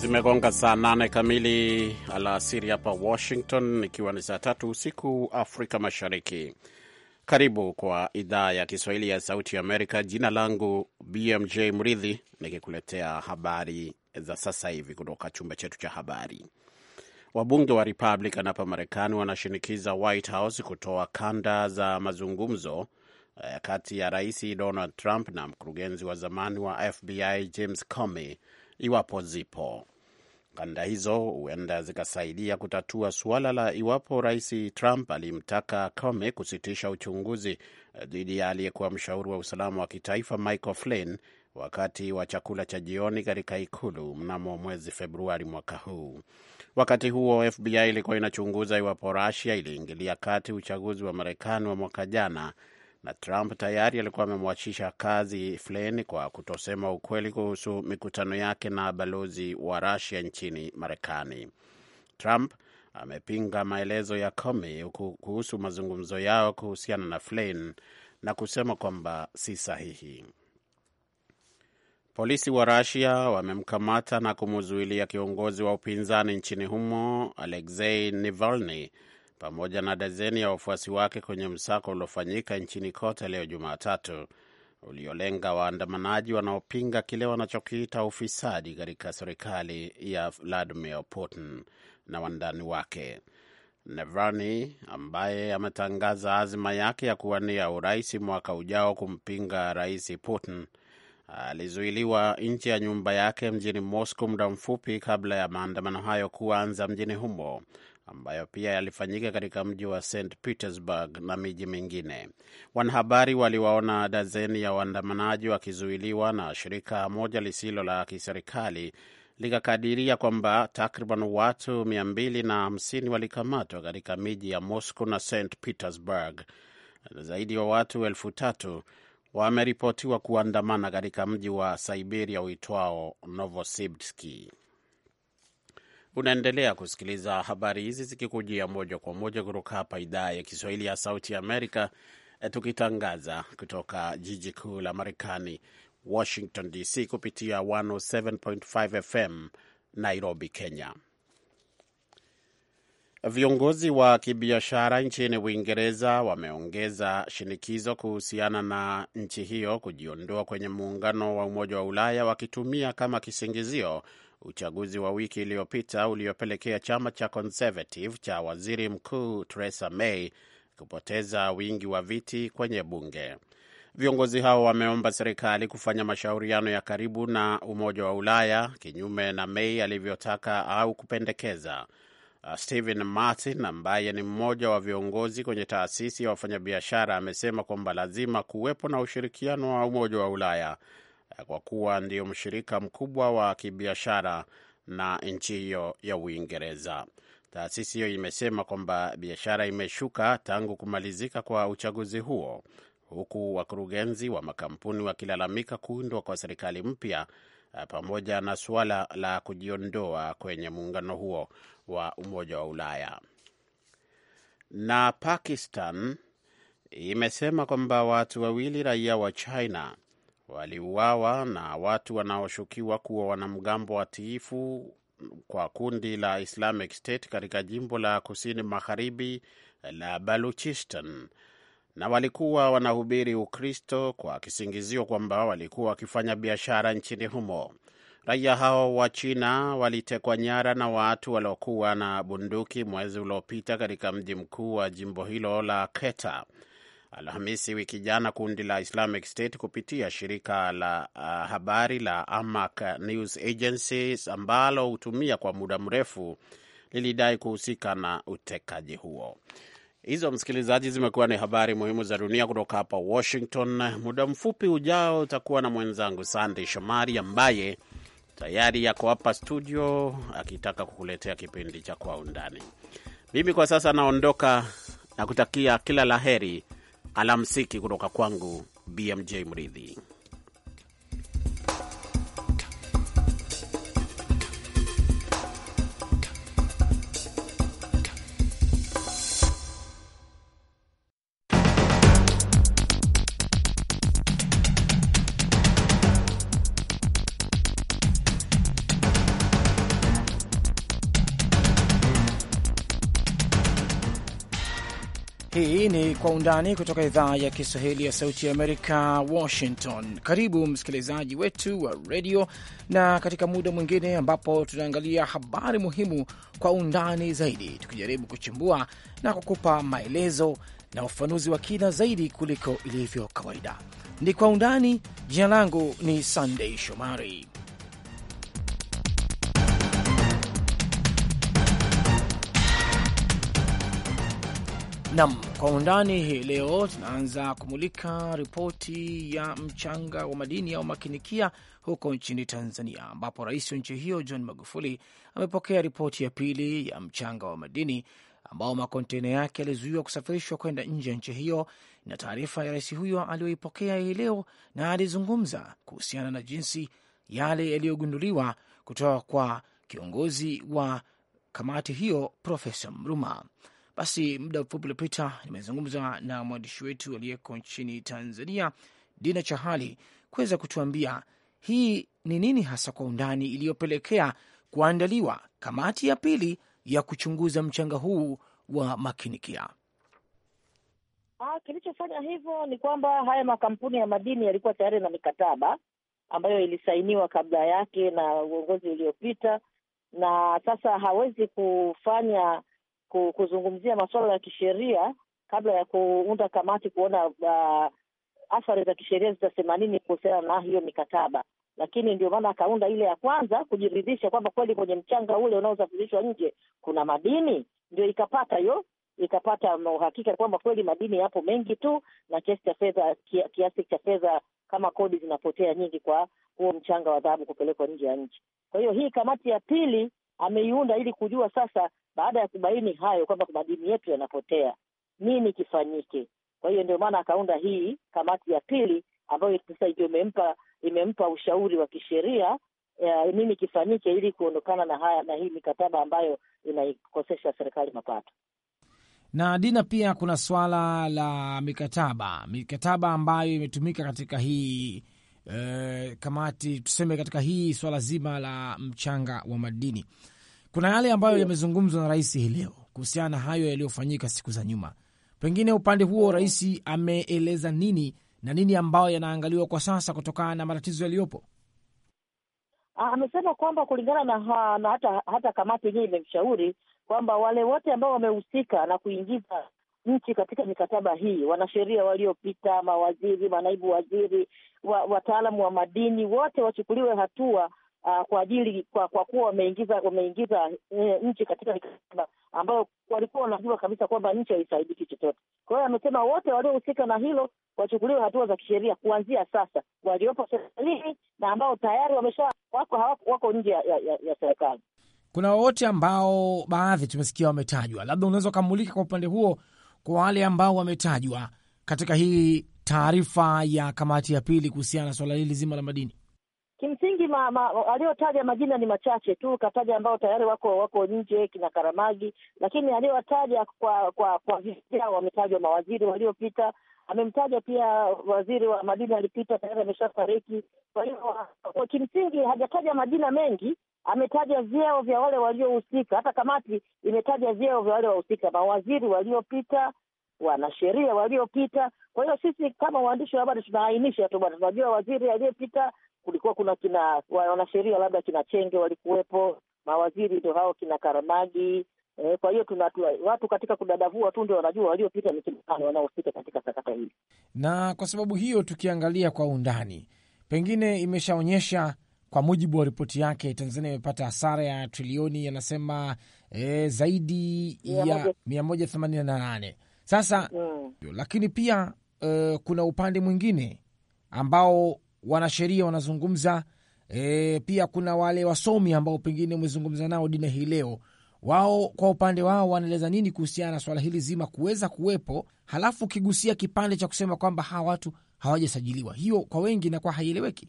Zimegonga saa nane kamili alasiri hapa Washington, ikiwa ni saa tatu usiku Afrika Mashariki. Karibu kwa idhaa ya Kiswahili ya Sauti ya Amerika. Jina langu BMJ Mridhi, nikikuletea habari za sasa hivi kutoka chumba chetu cha habari. Wabunge wa Republican hapa Marekani wanashinikiza White House kutoa kanda za mazungumzo eh, kati ya Rais Donald Trump na mkurugenzi wa zamani wa FBI James Comey iwapo zipo. Kanda hizo huenda zikasaidia kutatua suala la iwapo Rais Trump alimtaka Comey kusitisha uchunguzi eh, dhidi ya aliyekuwa mshauri wa usalama wa kitaifa Michael Flynn wakati wa chakula cha jioni katika ikulu mnamo mwezi Februari mwaka huu. Wakati huo FBI ilikuwa inachunguza iwapo Russia iliingilia kati uchaguzi wa Marekani wa mwaka jana na Trump tayari alikuwa amemwachisha kazi Flynn kwa kutosema ukweli kuhusu mikutano yake na balozi wa rasia nchini Marekani. Trump amepinga maelezo ya Comey kuhusu mazungumzo yao kuhusiana na Flynn na kusema kwamba si sahihi. Polisi wa rasia wamemkamata na kumzuilia kiongozi wa upinzani nchini humo Alexei Navalny pamoja na dazeni ya wafuasi wake kwenye msako uliofanyika nchini kote leo Jumatatu, uliolenga waandamanaji wanaopinga kile wanachokiita ufisadi katika serikali ya Vladimir Putin na wandani wake. Navalny ambaye ametangaza azma yake ya kuwania urais mwaka ujao kumpinga Rais Putin alizuiliwa nje ya nyumba yake mjini Moscow muda mfupi kabla ya maandamano hayo kuanza mjini humo, ambayo pia yalifanyika katika mji wa St Petersburg na miji mingine. Wanahabari waliwaona dazeni ya waandamanaji wakizuiliwa na shirika moja lisilo la kiserikali likakadiria kwamba takriban watu 250 walikamatwa katika miji ya Moscow na St Petersburg. Zaidi ya wa watu elfu tatu wameripotiwa kuandamana katika mji wa Siberia uitwao Novosibirsk. Unaendelea kusikiliza habari hizi zikikujia moja kwa moja kutoka hapa idhaa ya Kiswahili ya Sauti Amerika, eh, tukitangaza kutoka jiji kuu la Marekani, Washington DC, kupitia 107.5 FM Nairobi, Kenya. Viongozi wa kibiashara nchini Uingereza wameongeza shinikizo kuhusiana na nchi hiyo kujiondoa kwenye muungano wa Umoja wa Ulaya, wakitumia kama kisingizio uchaguzi wa wiki iliyopita uliopelekea chama cha Conservative cha waziri mkuu Theresa May kupoteza wingi wa viti kwenye bunge. Viongozi hao wameomba serikali kufanya mashauriano ya karibu na Umoja wa Ulaya, kinyume na May alivyotaka au kupendekeza. Uh, Stephen Martin ambaye ni mmoja wa viongozi kwenye taasisi ya wafanyabiashara amesema kwamba lazima kuwepo na ushirikiano wa Umoja wa Ulaya kwa kuwa ndio mshirika mkubwa wa kibiashara na nchi hiyo ya Uingereza. Taasisi hiyo imesema kwamba biashara imeshuka tangu kumalizika kwa uchaguzi huo, huku wakurugenzi wa makampuni wakilalamika kuundwa kwa serikali mpya eh, pamoja na suala la kujiondoa kwenye muungano huo wa Umoja wa Ulaya. Na Pakistan imesema kwamba watu wawili raia wa China waliuawa na watu wanaoshukiwa kuwa wanamgambo watiifu kwa kundi la Islamic State katika jimbo la kusini magharibi la Baluchistan na walikuwa wanahubiri Ukristo kwa kisingizio kwamba walikuwa wakifanya biashara nchini humo. Raia hao wa China walitekwa nyara na watu waliokuwa na bunduki mwezi uliopita katika mji mkuu wa jimbo hilo la Keta. Alhamisi wiki jana, kundi la Islamic State kupitia shirika la uh, habari la Amaq News Agencies ambalo hutumia kwa muda mrefu lilidai kuhusika na utekaji huo. Hizo msikilizaji, zimekuwa ni habari muhimu za dunia kutoka hapa Washington. Muda mfupi ujao utakuwa na mwenzangu Sandey Shomari ambaye tayari yako hapa studio akitaka kukuletea kipindi cha Kwa Undani. Mimi kwa sasa naondoka na kutakia kila la heri Alamsiki kutoka kwangu BMJ Mridhi. Kwa Undani kutoka idhaa ya Kiswahili ya Sauti ya Amerika, Washington. Karibu msikilizaji wetu wa redio na katika muda mwingine ambapo tunaangalia habari muhimu kwa undani zaidi, tukijaribu kuchimbua na kukupa maelezo na ufanuzi wa kina zaidi kuliko ilivyo kawaida. Ni Kwa Undani. Jina langu ni Sandei Shomari. Nam kwa undani hii leo, tunaanza kumulika ripoti ya mchanga wa madini au makinikia huko nchini Tanzania, ambapo rais wa nchi hiyo John Magufuli amepokea ripoti ya pili ya mchanga wa madini ambao makontena yake yalizuiwa kusafirishwa kwenda nje ya nchi hiyo. Na taarifa ya rais huyo aliyoipokea hii leo, na alizungumza kuhusiana na jinsi yale yaliyogunduliwa kutoka kwa kiongozi wa kamati hiyo Profesa Mruma. Basi muda mfupi uliopita nimezungumza na mwandishi wetu aliyeko nchini Tanzania, Dina Chahali, kuweza kutuambia hii ni nini hasa kwa undani iliyopelekea kuandaliwa kamati ya pili ya kuchunguza mchanga huu wa makinikia. Ah, kilichofanya hivyo ni kwamba haya makampuni ya madini yalikuwa tayari na mikataba ambayo ilisainiwa kabla yake na uongozi uliopita, na sasa hawezi kufanya kuzungumzia masuala ya kisheria kabla ya kuunda kamati kuona uh, athari za kisheria zitasema nini kuhusiana na hiyo mikataba. Lakini ndio maana akaunda ile ya kwanza kujiridhisha kwamba kweli kwenye mchanga ule unaosafirishwa nje kuna madini, ndio ikapata hiyo ikapata uhakika kwamba kweli madini yapo mengi tu, na kiasi cha fedha kiasi cha fedha kama kodi zinapotea nyingi kwa huo mchanga wa dhahabu kupelekwa nje ya nchi. Kwa hiyo hii kamati ya pili ameiunda ili kujua sasa baada ya kubaini hayo kwamba madini yetu yanapotea, nini kifanyike? Kwa hiyo ndio maana akaunda hii kamati ya pili ambayo sasa ndio imempa imempa ushauri wa kisheria nini kifanyike ili kuondokana na haya na hii mikataba ambayo inaikosesha serikali mapato. Na Dina, pia kuna swala la mikataba mikataba ambayo imetumika katika hii eh, kamati tuseme, katika hii swala zima la mchanga wa madini kuna yale ambayo yamezungumzwa na rais hii leo kuhusiana na hayo yaliyofanyika siku za nyuma. Pengine upande huo rais ameeleza nini na nini ambayo yanaangaliwa kwa sasa kutokana na matatizo yaliyopo? Ah, amesema kwamba kulingana na, ha, na hata, hata kamati yenyewe imemshauri kwamba wale wote ambao wamehusika na kuingiza nchi katika mikataba hii, wanasheria waliopita, mawaziri, manaibu waziri, wataalamu wa madini, wote wachukuliwe hatua uh, kwa ajili kwa, kwa kuwa wameingiza wameingiza e, nchi katika mikataba ambayo walikuwa wanajua kabisa kwamba nchi haisaidiki chochote. Kwa hiyo amesema wote waliohusika na hilo wachukuliwe hatua za kisheria kuanzia sasa, waliopo serikalini na ambao tayari wamesha wako hawako wako nje ya, ya, ya, ya serikali. Kuna wote ambao baadhi tumesikia wametajwa, labda unaweza ukamulika kwa upande huo, kwa wale ambao wametajwa katika hii taarifa ya kamati ya pili kuhusiana na swala hili zima la madini ma, ma, aliyotaja majina ni machache tu, kataja ambao tayari wako wako nje kina Karamagi, lakini aliyowataja kwa kwa kwa vijao wametajwa mawaziri waliopita, amemtaja pia waziri wa madini alipita tayari ameshafariki. Kwa hiyo kimsingi hajataja majina mengi, ametaja vyeo vya wale waliohusika. Hata kamati imetaja vyeo vya wale wahusika, mawaziri waliopita wanasheria waliopita. Kwa hiyo sisi kama waandishi wa habari tunaainisha tu bwana, tunajua waziri aliyepita kulikuwa kuna kina wanasheria labda kina Chenge walikuwepo, mawaziri ndio hao kina Karamagi. E, kwa hiyo tuna watu katika kudadavua tu ndio wanajua waliopita ni kina nani wanaohusika katika sakata hili. Na kwa sababu hiyo, tukiangalia kwa undani, pengine imeshaonyesha kwa mujibu wa ripoti yake, Tanzania imepata hasara ya trilioni yanasema e, zaidi ya mia moja themanini na nane sasa mm. lakini pia uh, kuna upande mwingine ambao wanasheria wanazungumza e, pia kuna wale wasomi ambao pengine umezungumza nao dina hii leo, wao kwa upande wao wanaeleza nini kuhusiana na swala hili zima kuweza kuwepo, halafu ukigusia kipande cha kusema kwamba hawa watu hawajasajiliwa, hiyo kwa wengi inakuwa haieleweki.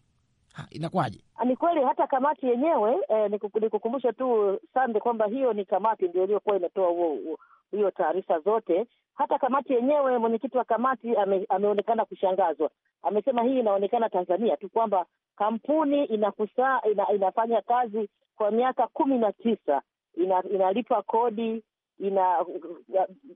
Ha, inakuwaje? Ah, ni kweli hata kamati yenyewe eh, nikukumbusha tu sande kwamba hiyo ni kamati ndio iliyokuwa inatoa huo hiyo taarifa zote hata kamati yenyewe, mwenyekiti wa kamati ame, ameonekana kushangazwa. Amesema hii inaonekana Tanzania tu kwamba kampuni inakusa, ina, inafanya kazi kwa miaka kumi na tisa ina, inalipa kodi ina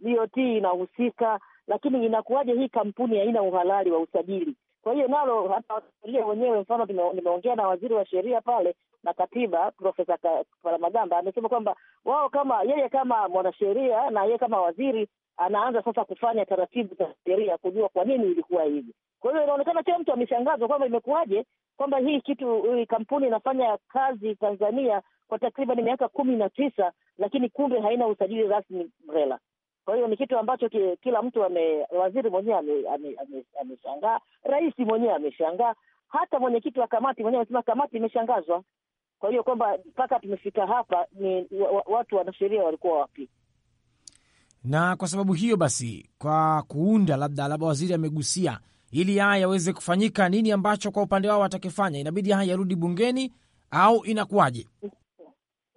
BOT inahusika, lakini inakuwaje hii kampuni haina uhalali wa usajili? Kwa hiyo nalo hata wanasheria wenyewe, mfano nimeongea na waziri wa sheria pale na katiba Profesa Palamagamba amesema kwamba wao kama yeye kama mwanasheria na yeye kama waziri anaanza sasa kufanya taratibu za sheria kujua kwa nini ilikuwa hivi. Kwa hiyo inaonekana kila mtu ameshangazwa kwamba imekuwaje kwamba hii kitu hii kampuni inafanya kazi Tanzania kwa takriban miaka kumi na tisa, lakini kumbe haina usajili rasmi BRELA. Kwa hiyo ni kitu ambacho ki, kila mtu ame, waziri mwenyewe ameshangaa, rais mwenyewe ameshangaa, hata mwenyekiti wa kamati mwenyewe amesema kamati imeshangazwa. Kwa hiyo kwamba mpaka tumefika hapa, ni watu wanasheria walikuwa wapi? na kwa sababu hiyo basi, kwa kuunda labda, labda waziri amegusia, ili haya yaweze kufanyika, nini ambacho kwa upande wao watakifanya? Inabidi haya yarudi bungeni au inakuwaje?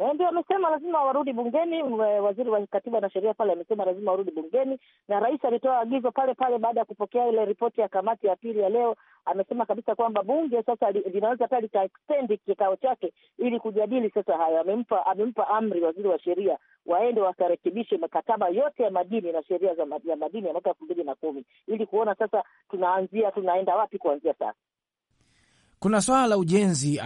Eh, ndio wamesema lazima warudi bungeni. Waziri wa katiba na sheria pale amesema lazima warudi bungeni, na rais alitoa agizo pale pale baada ya kupokea ile ripoti ya kamati ya pili ya leo. Amesema kabisa kwamba bunge sasa linaweza hata likaextend kikao chake ili kujadili sasa hayo. Amempa amempa amri waziri wa sheria waende wakarekebishe mikataba yote ya madini na sheria za madini ya mwaka elfu mbili na kumi ili kuona sasa tunaanzia tunaenda wapi kuanzia sasa kuna swala la ujenzi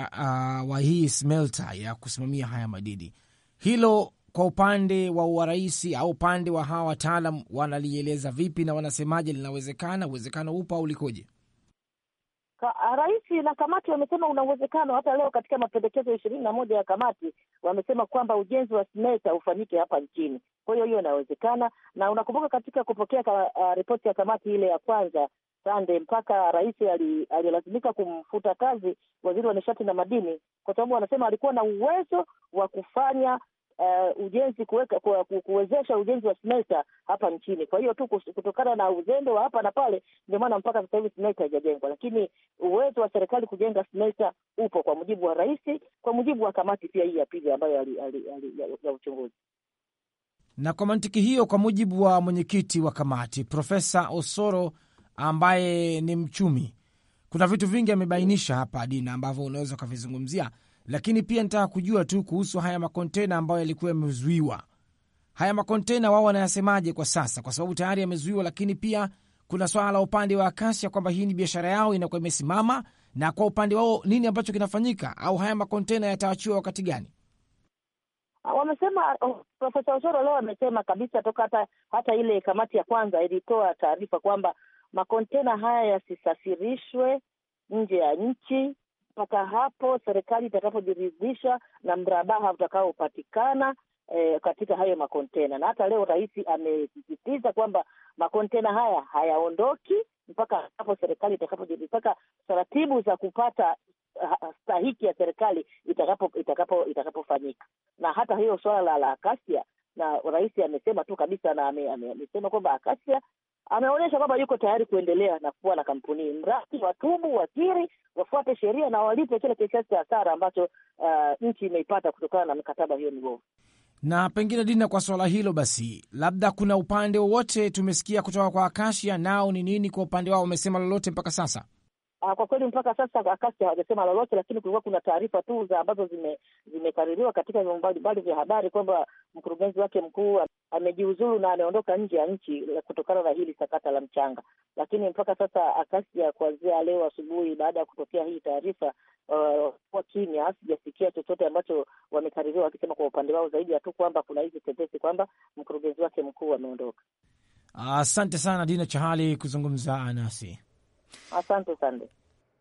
wa hii smelta ya kusimamia haya madini. Hilo kwa upande wa urais au upande wa hawa wataalam wanalieleza vipi na wanasemaje? Linawezekana? uwezekano upo au likoje? Rais na kamati wamesema una uwezekano. Hata leo katika mapendekezo ishirini na moja ya kamati wamesema kwamba ujenzi wa smelta ufanyike hapa nchini. Kwa hiyo hiyo inawezekana, na unakumbuka katika kupokea ka, uh, ripoti ya kamati ile ya kwanza Sande mpaka rais alilazimika ali kumfuta kazi waziri wa nishati na madini, kwa sababu wanasema alikuwa na uwezo wa kufanya uh, ujenzi kuweka kuwezesha ujenzi wa smelta hapa nchini. Kwa hiyo tu kutokana na uzembe wa hapa na pale, ndio maana mpaka sasa hivi smelta haijajengwa, lakini uwezo wa serikali kujenga smelta upo, kwa mujibu wa rais, kwa mujibu wa kamati pia hii ya pili ambayo ali, ali, ali, ya, ya uchunguzi na kwa mantiki hiyo, kwa mujibu wa mwenyekiti wa kamati Profesa Osoro ambaye ni mchumi, kuna vitu vingi amebainisha hapa Dina ambavyo unaweza ukavizungumzia, lakini pia nitaka kujua tu kuhusu haya makontena ambayo yalikuwa yamezuiwa. Haya makontena wao wanayasemaje kwa sasa, kwa sababu tayari yamezuiwa, lakini pia kuna swala la upande wa Akasia kwamba hii ni biashara yao inakuwa imesimama, na kwa upande wao nini ambacho kinafanyika, au haya makontena yataachiwa wakati gani? Ah, wamesema Profesa Oshoro leo amesema kabisa toka hata, hata ile kamati ya kwanza ilitoa taarifa kwamba makontena haya yasisafirishwe nje ya nchi mpaka hapo serikali itakapojiridhisha na mrabaha utakaopatikana e, katika hayo makontena. Na hata leo rais amesisitiza kwamba makontena haya hayaondoki mpaka hapo serikali itakapojiridhisha, taratibu za kupata eh, stahiki ya serikali itakapo itakapo itakapofanyika. Na hata hiyo suala la, la Akasia na rais amesema tu kabisa na amesema kwamba Akasia ameonyesha kwamba yuko tayari kuendelea na kuwa na kampuni, mradi watubu, wakiri, wafuate sheria na walipe kile kiasi cha hasara ambacho uh, nchi imeipata kutokana na mkataba hiyo mibovu. Na pengine Dina, kwa swala hilo basi, labda kuna upande wowote tumesikia kutoka kwa Akashia, nao ni nini kwa upande wao? Wamesema lolote mpaka sasa? Uh, kwa kweli mpaka sasa akasi hawajasema lolote, lakini kulikuwa kuna taarifa tu za ambazo zimekaririwa zime katika vyombo mbalimbali vya habari kwamba mkurugenzi wake mkuu amejiuzulu na ameondoka nje ya nchi kutokana na hili sakata la mchanga. Lakini mpaka sasa akasi ya kuanzia leo asubuhi, baada ya kutokea hii taarifa uh, kimya, sijasikia chochote ambacho wamekaririwa wakisema kwa upande wao, zaidi ya tu kwamba kuna hizi tetesi kwamba mkurugenzi wake mkuu ameondoka. Asante uh, sana Dina Chahali kuzungumza nasi. Asante sande.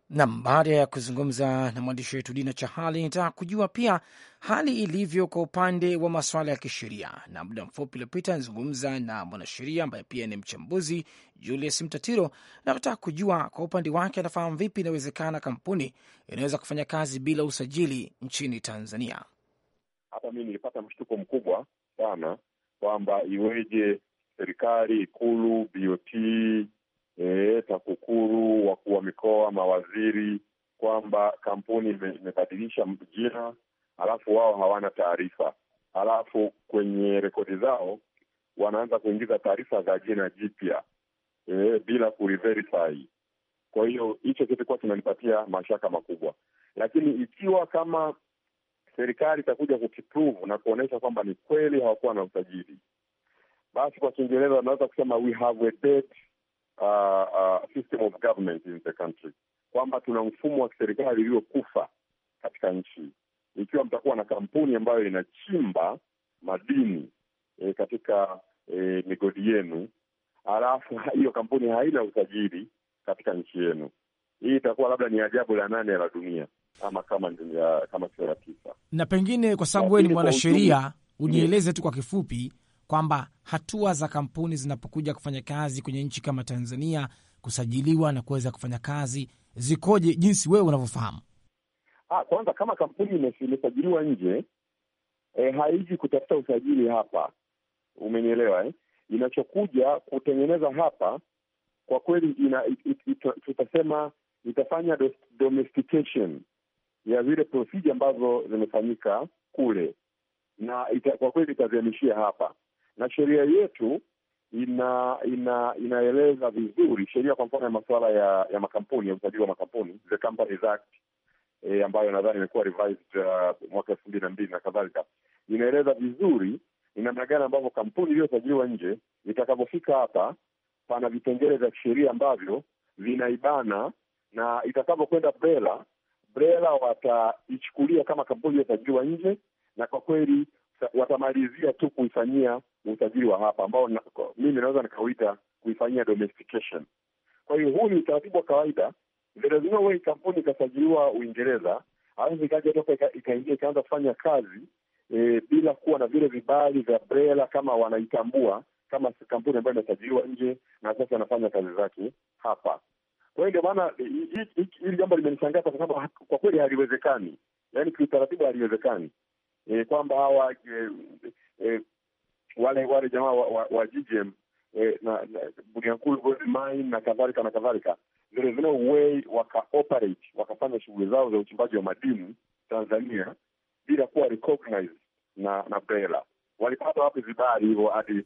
Naam, baada ya kuzungumza na mwandishi wetu Dina Chahali, nitaka kujua pia hali ilivyo kwa upande wa masuala ya kisheria, na muda mfupi uliopita nizungumza na mwanasheria ambaye pia ni mchambuzi Julius Mtatiro, na kutaka kujua kwa upande wake anafahamu vipi inawezekana kampuni inaweza kufanya kazi bila usajili nchini Tanzania. Hapa mii nilipata mshtuko mkubwa sana kwamba iweje serikali, Ikulu, BOT e, TAKUKURU, wakuu wa mikoa, mawaziri, kwamba kampuni imebadilisha jina, alafu wao hawana taarifa, alafu kwenye rekodi zao wanaanza kuingiza taarifa za jina jipya e, bila kuliverify. Kwa hiyo hicho kilikuwa kinanipatia mashaka makubwa, lakini ikiwa kama serikali itakuja kukiprove na kuonyesha kwamba ni kweli hawakuwa na usajili, basi kwa Kiingereza wanaweza kusema we have a uh, uh, system of government in the country, kwamba tuna mfumo wa kiserikali uliokufa katika nchi. Ikiwa mtakuwa na kampuni ambayo inachimba madini e, katika e, migodi yenu, halafu hiyo kampuni haina usajili katika nchi yenu, hii itakuwa labda ni ajabu la nane la dunia ama kama kama sio la tisa. Na pengine kwa sababu wewe ni mwanasheria, mm-hmm. unieleze tu kwa kifupi kwamba hatua za kampuni zinapokuja kufanya kazi kwenye nchi kama Tanzania kusajiliwa na kuweza kufanya kazi zikoje, jinsi wewe unavyofahamu? Ah, kwanza kama kampuni imesajiliwa nje e, eh, haiji kutafuta usajili hapa, umenielewa eh? Inachokuja kutengeneza hapa kwa kweli ina, it, it, it, tutasema itafanya domestication ya zile procedure ambazo zimefanyika kule na ita, kwa kweli itaziamishia hapa na sheria yetu ina ina inaeleza vizuri sheria, kwa mfano ya masuala ya ya makampuni ya usajili wa makampuni, the Companies Act e, ambayo nadhani imekuwa revised uh, mwaka elfu mbili na mbili na kadhalika, inaeleza vizuri ni namna gani ambavyo kampuni iliyosajiliwa nje itakavyofika hapa. Pana vipengele vya kisheria ambavyo vinaibana, na itakavyokwenda BRELA, BRELA wataichukulia kama kampuni iliyosajiliwa nje, na kwa kweli watamalizia tu kuifanyia utajiri wa hapa ambao na, mimi naweza nikauita kuifanyia domestication. Kwa hiyo huu ni utaratibu wa kawaida. Lazima huwe kampuni ikasajiliwa Uingereza alafu ikaja toka ikaingia ikaanza kufanya kazi e, bila kuwa na vile vibali vya BRELA kama wanaitambua kama kampuni ambayo imesajiliwa nje na sasa anafanya kazi zake hapa. Kwa hiyo ndio maana e, hili jambo limenishangaza, kwa sababu kwa kweli haliwezekani, yaani kiutaratibu haliwezekani e, kwamba hawa e, e, wale wale jamaa wa, wa, wa GGM eh, na, na Bunyankulu Mine na kadhalika na kadhalika, there is no way operate wakafanya shughuli zao za uchimbaji wa madini Tanzania bila kuwa recognized na na BRELA. Walipata wapi vibali hivyo hadi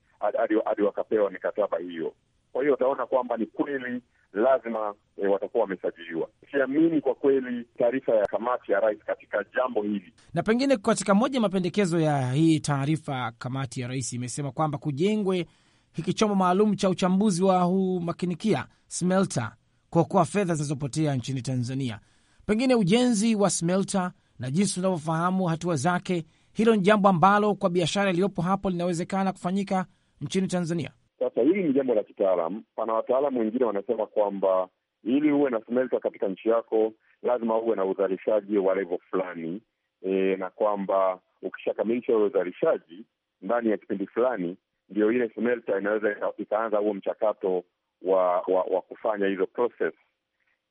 hadi wakapewa mikataba hiyo? Kwa hiyo utaona kwamba ni kweli lazima e, watakuwa wamesajiliwa. Siamini kwa kweli taarifa ya kamati ya rais katika jambo hili. Na pengine katika moja ya mapendekezo ya hii taarifa, kamati ya rais imesema kwamba kujengwe hiki chombo maalum cha uchambuzi wa huu makinikia smelta, kuokoa fedha zinazopotea nchini Tanzania. Pengine ujenzi wa smelta na jinsi unavyofahamu hatua zake, hilo ni jambo ambalo kwa biashara iliyopo hapo linawezekana kufanyika nchini Tanzania. Sasa hili ni jambo la kitaalamu. Pana wataalamu wengine wanasema kwamba ili uwe na smelta katika nchi yako lazima uwe na uzalishaji wa levo fulani e, na kwamba ukishakamilisha ule uzalishaji ndani ya kipindi fulani, ndio ile smelta inaweza ikaanza huo mchakato wa, wa wa kufanya hizo process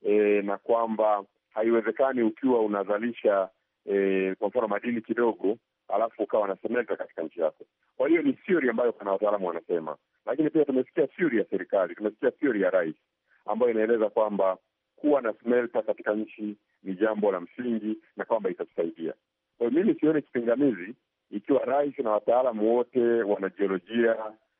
e, na kwamba haiwezekani ukiwa unazalisha e, kwa mfano madini kidogo alafu ukawa wanasemeka katika nchi yako. Kwa hiyo ni theory ambayo kuna wataalamu wanasema, lakini pia tumesikia theory ya serikali, tumesikia theory ya rais ambayo inaeleza kwamba kuwa na smelta katika nchi ni jambo la msingi na kwamba itatusaidia. Kwa hiyo mimi sioni kipingamizi ikiwa rais na wataalamu wote, wanajiolojia,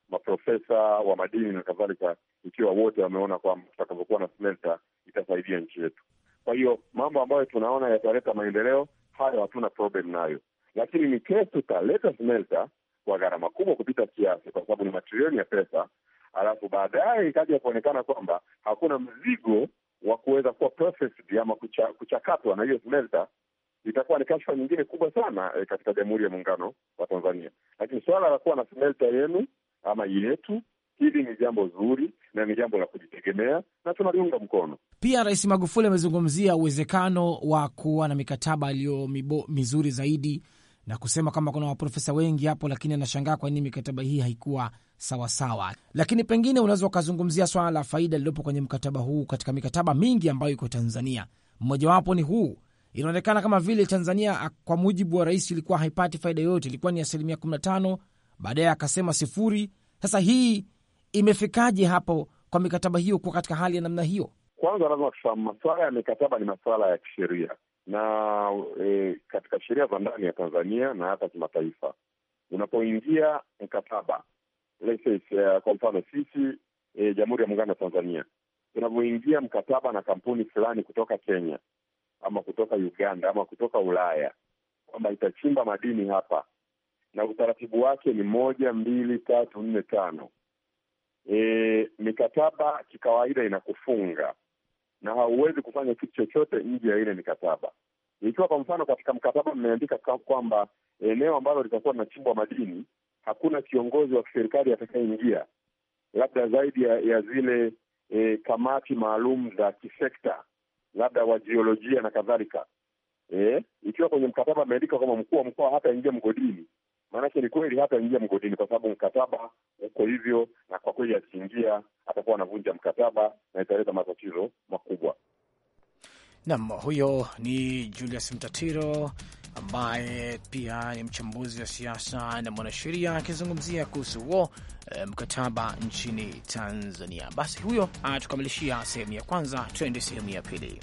maprofesa wa madini na kadhalika, ikiwa wote wameona kwamba tutakavyokuwa na smelta itasaidia nchi yetu. Kwa hiyo mambo ambayo tunaona yataleta maendeleo hayo hatuna problem nayo, lakini ni kesi tutaleta smelta kwa gharama kubwa kupita kiasi, kwa sababu ni matrilioni ya pesa, alafu baadaye ikaja kuonekana kwamba hakuna mzigo wa kuweza kuwa processed ama kucha, kuchakatwa na hiyo smelta, itakuwa ni kashfa nyingine kubwa sana e, katika Jamhuri ya Muungano wa Tanzania. Lakini suala la kuwa na smelta yenu ama yetu hili ni jambo zuri na ni jambo la kujitegemea na tunaliunga mkono. Pia Rais Magufuli amezungumzia uwezekano wa kuwa na mikataba iliyo mizuri zaidi na kusema kama kuna waprofesa wengi hapo, lakini anashangaa kwa nini mikataba hii haikuwa sawasawa. Lakini pengine unaweza ukazungumzia swala la faida lililopo kwenye mkataba huu, katika mikataba mingi ambayo iko Tanzania, mmojawapo ni huu. Inaonekana kama vile Tanzania, ah, kwa mujibu wa rais, ilikuwa haipati faida yoyote, ilikuwa ni asilimia 15, baadaye akasema sifuri. Sasa hii imefikaje hapo kwa mikataba hiyo kuwa katika hali ya namna hiyo? Kwanza lazima tufahamu maswala ya mikataba ni maswala ya kisheria na e, katika sheria za ndani ya Tanzania na hata kimataifa, unapoingia mkataba uh, kwa mfano sisi e, Jamhuri ya Muungano wa Tanzania tunavyoingia mkataba na kampuni fulani kutoka Kenya ama kutoka Uganda ama kutoka Ulaya kwamba itachimba madini hapa na utaratibu wake ni moja, mbili, tatu, nne, tano. E, mikataba kikawaida inakufunga na hauwezi kufanya kitu chochote nje ya ile mikataba. Ikiwa kwa mfano katika mkataba mmeandika kwamba eneo ambalo litakuwa linachimbwa madini hakuna kiongozi wa kiserikali atakayeingia, labda zaidi ya, ya zile e, kamati maalum za kisekta, labda wa jiolojia na kadhalika. E, ikiwa kwenye mkataba ameandika kwamba mkuu wa mkoa hataingia mgodini, maanake ni kweli hata ingia mgodini kwa sababu mkataba uko hivyo, na kwa kweli akiingia atakuwa anavunja mkataba na italeta matatizo makubwa. Nam, huyo ni Julius Mtatiro ambaye pia ni mchambuzi wa siasa na mwanasheria akizungumzia kuhusu huo eh, mkataba nchini Tanzania. Basi huyo anatukamilishia sehemu ya kwanza, tuende sehemu ya pili.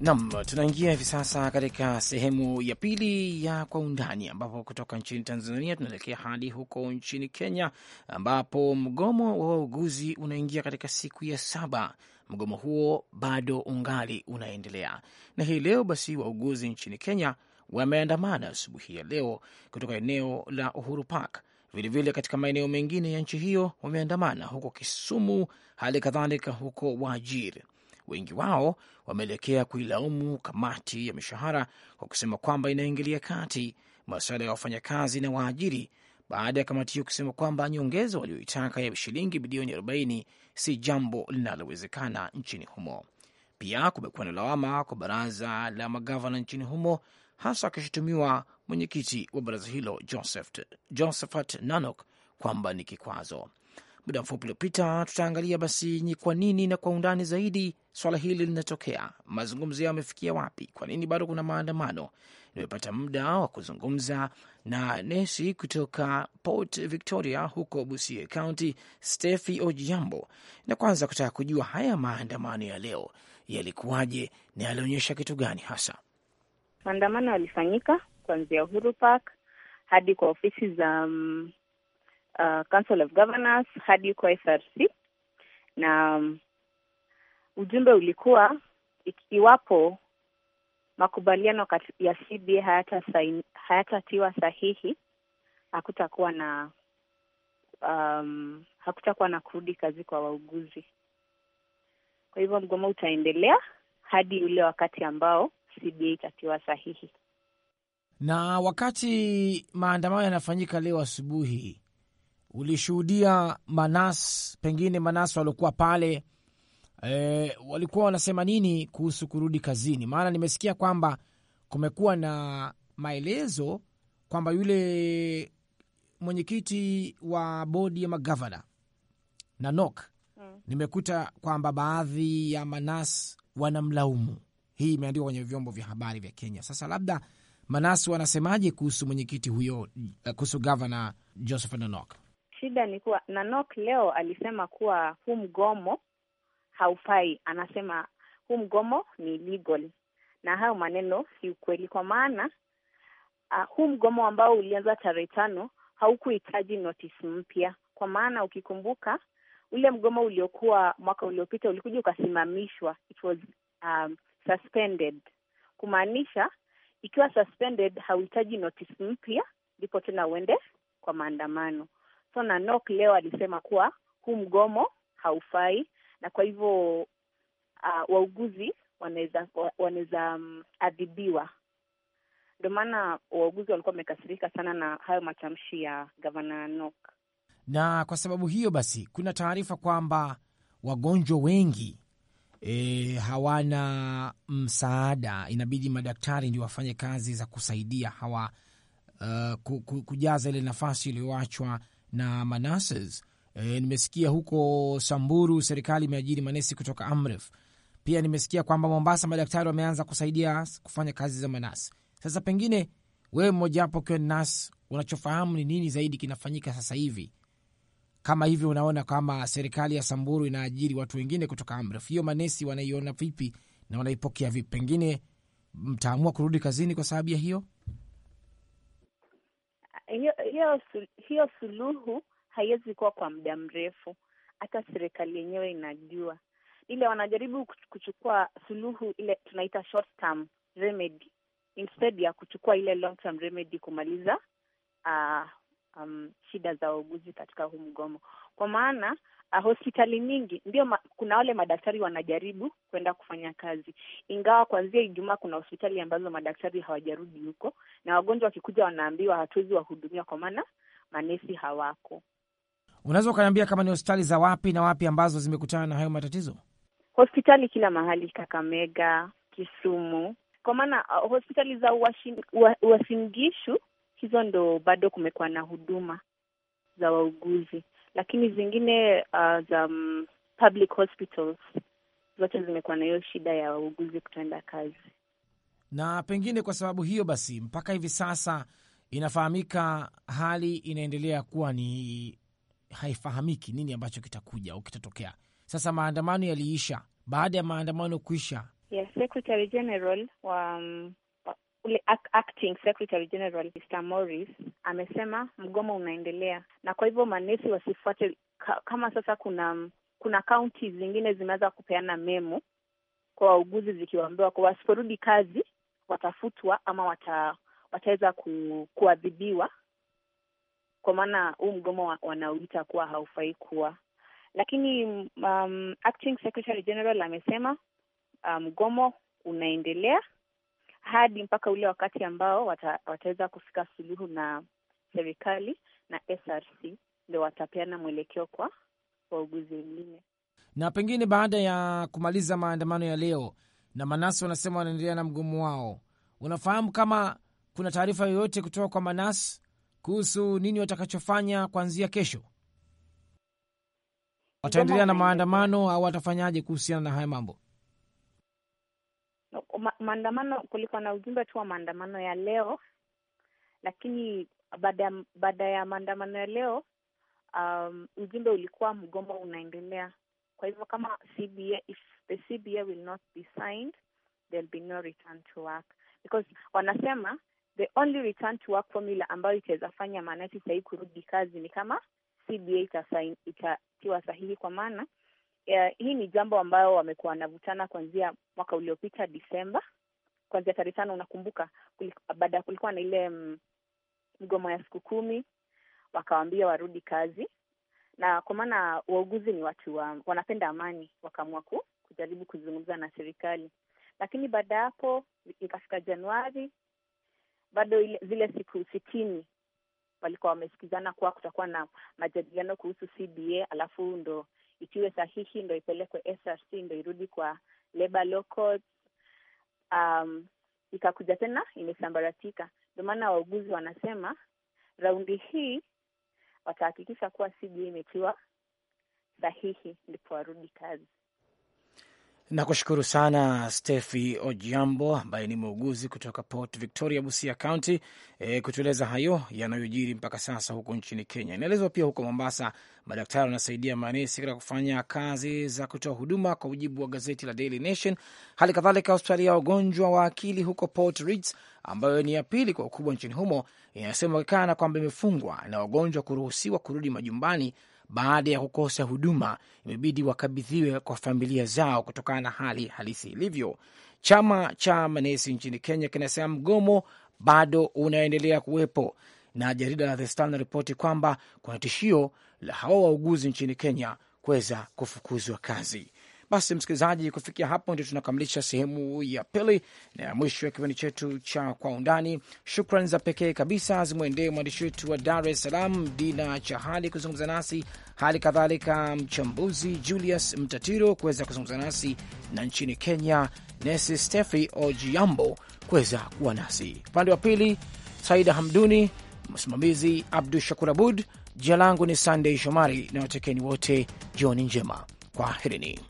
Nam, tunaingia hivi sasa katika sehemu ya pili ya kwa undani, ambapo kutoka nchini Tanzania tunaelekea hadi huko nchini Kenya, ambapo mgomo wa wauguzi unaingia katika siku ya saba. Mgomo huo bado ungali unaendelea, na hii leo basi wauguzi nchini Kenya wameandamana asubuhi ya leo kutoka eneo la Uhuru Park. Vilevile katika maeneo mengine ya nchi hiyo wameandamana huko Kisumu, hali kadhalika huko Wajir wengi wao wameelekea kuilaumu kamati ya mishahara kwa kusema kwamba inaingilia kati masuala ya wafanyakazi na waajiri, baada ya kamati hiyo kusema kwamba nyongeza walioitaka ya shilingi bilioni 40 si jambo linalowezekana nchini humo. Pia kumekuwa na lawama kwa baraza la magavana nchini humo, hasa akishutumiwa mwenyekiti wa baraza hilo Josephat Josephat Nanok kwamba ni kikwazo. Muda mfupi uliopita tutaangalia basi ni kwa nini na kwa undani zaidi swala hili linatokea, mazungumzo yao yamefikia wapi, kwa nini bado kuna maandamano. Nimepata muda wa kuzungumza na nesi kutoka Port Victoria huko Busie County, Stefi Ojiambo, na kwanza kutaka kujua haya maandamano ya leo yalikuwaje na yalionyesha kitu gani hasa. Maandamano yalifanyika kuanzia Uhuru Park hadi kwa ofisi za um, uh, Council of Governors hadi kwa SRC na um, ujumbe ulikuwa iwapo makubaliano ya CBA hayatatiwa hayata sahihi, hakutakuwa na um, hakutakuwa na kurudi kazi kwa wauguzi. Kwa hivyo mgomo utaendelea hadi ule wakati ambao CBA itatiwa sahihi. Na wakati maandamano yanafanyika leo asubuhi, ulishuhudia Manas, pengine Manas waliokuwa pale e, walikuwa wanasema nini kuhusu kurudi kazini? Maana nimesikia kwamba kumekuwa na maelezo kwamba yule mwenyekiti wa bodi ya magavana Nanok mm. nimekuta kwamba baadhi ya Manas wanamlaumu. Hii imeandikwa kwenye vyombo vya habari vya Kenya. Sasa labda Manas wanasemaje kuhusu mwenyekiti huyo, eh, kuhusu gavana Joseph Nanok? shida ni kuwa Nanok leo alisema kuwa huu mgomo haufai, anasema huu mgomo ni legal, na hayo maneno si ukweli, kwa maana uh, huu mgomo ambao ulianza tarehe tano haukuhitaji notisi mpya, kwa maana ukikumbuka ule mgomo uliokuwa mwaka uliopita ulikuja ukasimamishwa, it was um, suspended, kumaanisha ikiwa suspended hauhitaji notisi mpya ndipo tena uende kwa maandamano. So NOK leo alisema kuwa huu mgomo haufai na kwa hivyo uh, wauguzi wanaweza wanaweza mm, adhibiwa. ndio maana wauguzi walikuwa wamekasirika sana na hayo matamshi ya gavana Nok, na kwa sababu hiyo basi kuna taarifa kwamba wagonjwa wengi e, hawana msaada, inabidi madaktari ndio wafanye kazi za kusaidia hawa uh, kujaza ile nafasi iliyoachwa na Manassas. E, nimesikia huko Samburu serikali imeajiri manesi kutoka Amref. Pia nimesikia kwamba Mombasa madaktari wameanza kusaidia kufanya kazi za manasi. Sasa pengine wewe mmoja hapo ukiwa ni nas, unachofahamu ni nini zaidi kinafanyika sasa hivi? Kama hivyo unaona kwamba serikali ya Samburu inaajiri watu wengine kutoka Amref, hiyo manesi wanaiona vipi na wanaipokea vipi? Pengine mtaamua kurudi kazini kwa sababu ya hiyo hiyo hiyo hiyo suluhu haiwezi kuwa kwa muda mrefu, hata serikali yenyewe inajua ile wanajaribu kuchukua suluhu ile tunaita short term remedy instead ya kuchukua ile long term remedy kumaliza uh, um, shida za wauguzi katika huu mgomo. Kwa maana uh, hospitali nyingi ndio ma, kuna wale madaktari wanajaribu kwenda kufanya kazi, ingawa kuanzia Ijumaa kuna hospitali ambazo madaktari hawajarudi huko, na wagonjwa wakikuja wanaambiwa hatuwezi wahudumia kwa maana manesi hawako. Unaweza ukaniambia kama ni hospitali za wapi na wapi ambazo zimekutana na hayo matatizo? Hospitali kila mahali, Kakamega, Kisumu, kwa maana uh, hospitali za Uasingishu hizo ndo bado kumekuwa na huduma za wauguzi, lakini zingine uh, za um, public hospitals zote zimekuwa na hiyo shida ya wauguzi kutenda kazi, na pengine kwa sababu hiyo basi mpaka hivi sasa inafahamika, hali inaendelea kuwa ni haifahamiki nini ambacho kitakuja au kitatokea. Sasa maandamano yaliisha. Baada ya maandamano kuisha, yeah, Secretary General wa um, ule acting Secretary General Mr. Morris amesema mgomo unaendelea, na kwa hivyo manesi wasifuate kama sasa kuna kuna kaunti zingine zimeanza kupeana memo kwa wauguzi zikiwaambiwa kwa wasiporudi kazi watafutwa ama wata wataweza ku, kuadhibiwa kwa maana huu mgomo wanauita kuwa haufai kuwa. Lakini um, acting secretary general amesema uh, mgomo um, unaendelea hadi mpaka ule wakati ambao wata, wataweza kufika suluhu na serikali na SRC ndio watapeana mwelekeo kwa wauguzi wengine. Na pengine baada ya kumaliza maandamano ya leo, na manasi wanasema wanaendelea na mgomo wao, unafahamu kama kuna taarifa yoyote kutoka kwa Manas kuhusu nini watakachofanya kuanzia kesho? Wataendelea na maandamano au watafanyaje kuhusiana na haya mambo? Ma, maandamano kulikuwa na ujumbe tu wa maandamano ya leo, lakini baada ya maandamano ya leo um, ujumbe ulikuwa mgomo unaendelea. Kwa hivyo kama CBA, if the CBA will not be signed there'll be no return to work because wanasema the only return to work formula ambayo itaweza fanya maanake sahii kurudi kazi ni kama CBA itatiwa sahihi, kwa maana uh, hii ni jambo ambayo wamekuwa wanavutana kuanzia mwaka uliopita Disemba, kuanzia tarehe tano. Unakumbuka baada ya kulikuwa na ile mm, mgomo ya siku kumi, wakawaambia warudi kazi, na kwa maana wauguzi ni watu wa, wanapenda amani, wakaamua kujaribu kuzungumza na serikali, lakini baada ya hapo ikafika Januari bado ile, zile siku sitini walikuwa wamesikizana kuwa kutakuwa na majadiliano kuhusu CBA, alafu ndo ikiwe sahihi ndo ipelekwe SRC ndo irudi kwa labor law courts. Um, ikakuja tena imesambaratika. Ndio maana wauguzi wanasema raundi hii watahakikisha kuwa CBA imetiwa sahihi ndipo warudi kazi. Nakushukuru sana Stefi Ojiambo ambaye ni muuguzi kutoka Port Victoria, Busia County, e, kutueleza hayo yanayojiri mpaka sasa huko nchini Kenya. Inaelezwa pia huko Mombasa madaktari wanasaidia manesi katika kufanya kazi za kutoa huduma, kwa mujibu wa gazeti la Daily Nation. Hali kadhalika hospitali ya wagonjwa wa akili huko Port Reitz, ambayo ni ya pili kwa ukubwa nchini humo, inasema inasemekana kwamba imefungwa na wagonjwa kuruhusiwa kurudi majumbani baada ya kukosa huduma imebidi wakabidhiwe kwa familia zao kutokana na hali halisi ilivyo. Chama cha manesi nchini Kenya kinasema mgomo bado unaendelea kuwepo, na jarida la The Star ripoti kwamba kuna tishio la hawa wauguzi nchini Kenya kuweza kufukuzwa kazi. Basi msikilizaji, kufikia hapo ndio tunakamilisha sehemu ya pili na ya mwisho ya kipindi chetu cha Kwa Undani. Shukran za pekee kabisa zimwendee mwandishi wetu wa Dar es Salaam, Dina Chahali, kuzungumza nasi, hali kadhalika mchambuzi Julius Mtatiro kuweza kuzungumza nasi, na nchini Kenya Nesi Stefi Ojiambo kuweza kuwa nasi. Upande wa pili Saida Hamduni, msimamizi Abdu Shakur Abud. Jina langu ni Sandey Shomari na watekeni wote, jioni njema, kwaherini.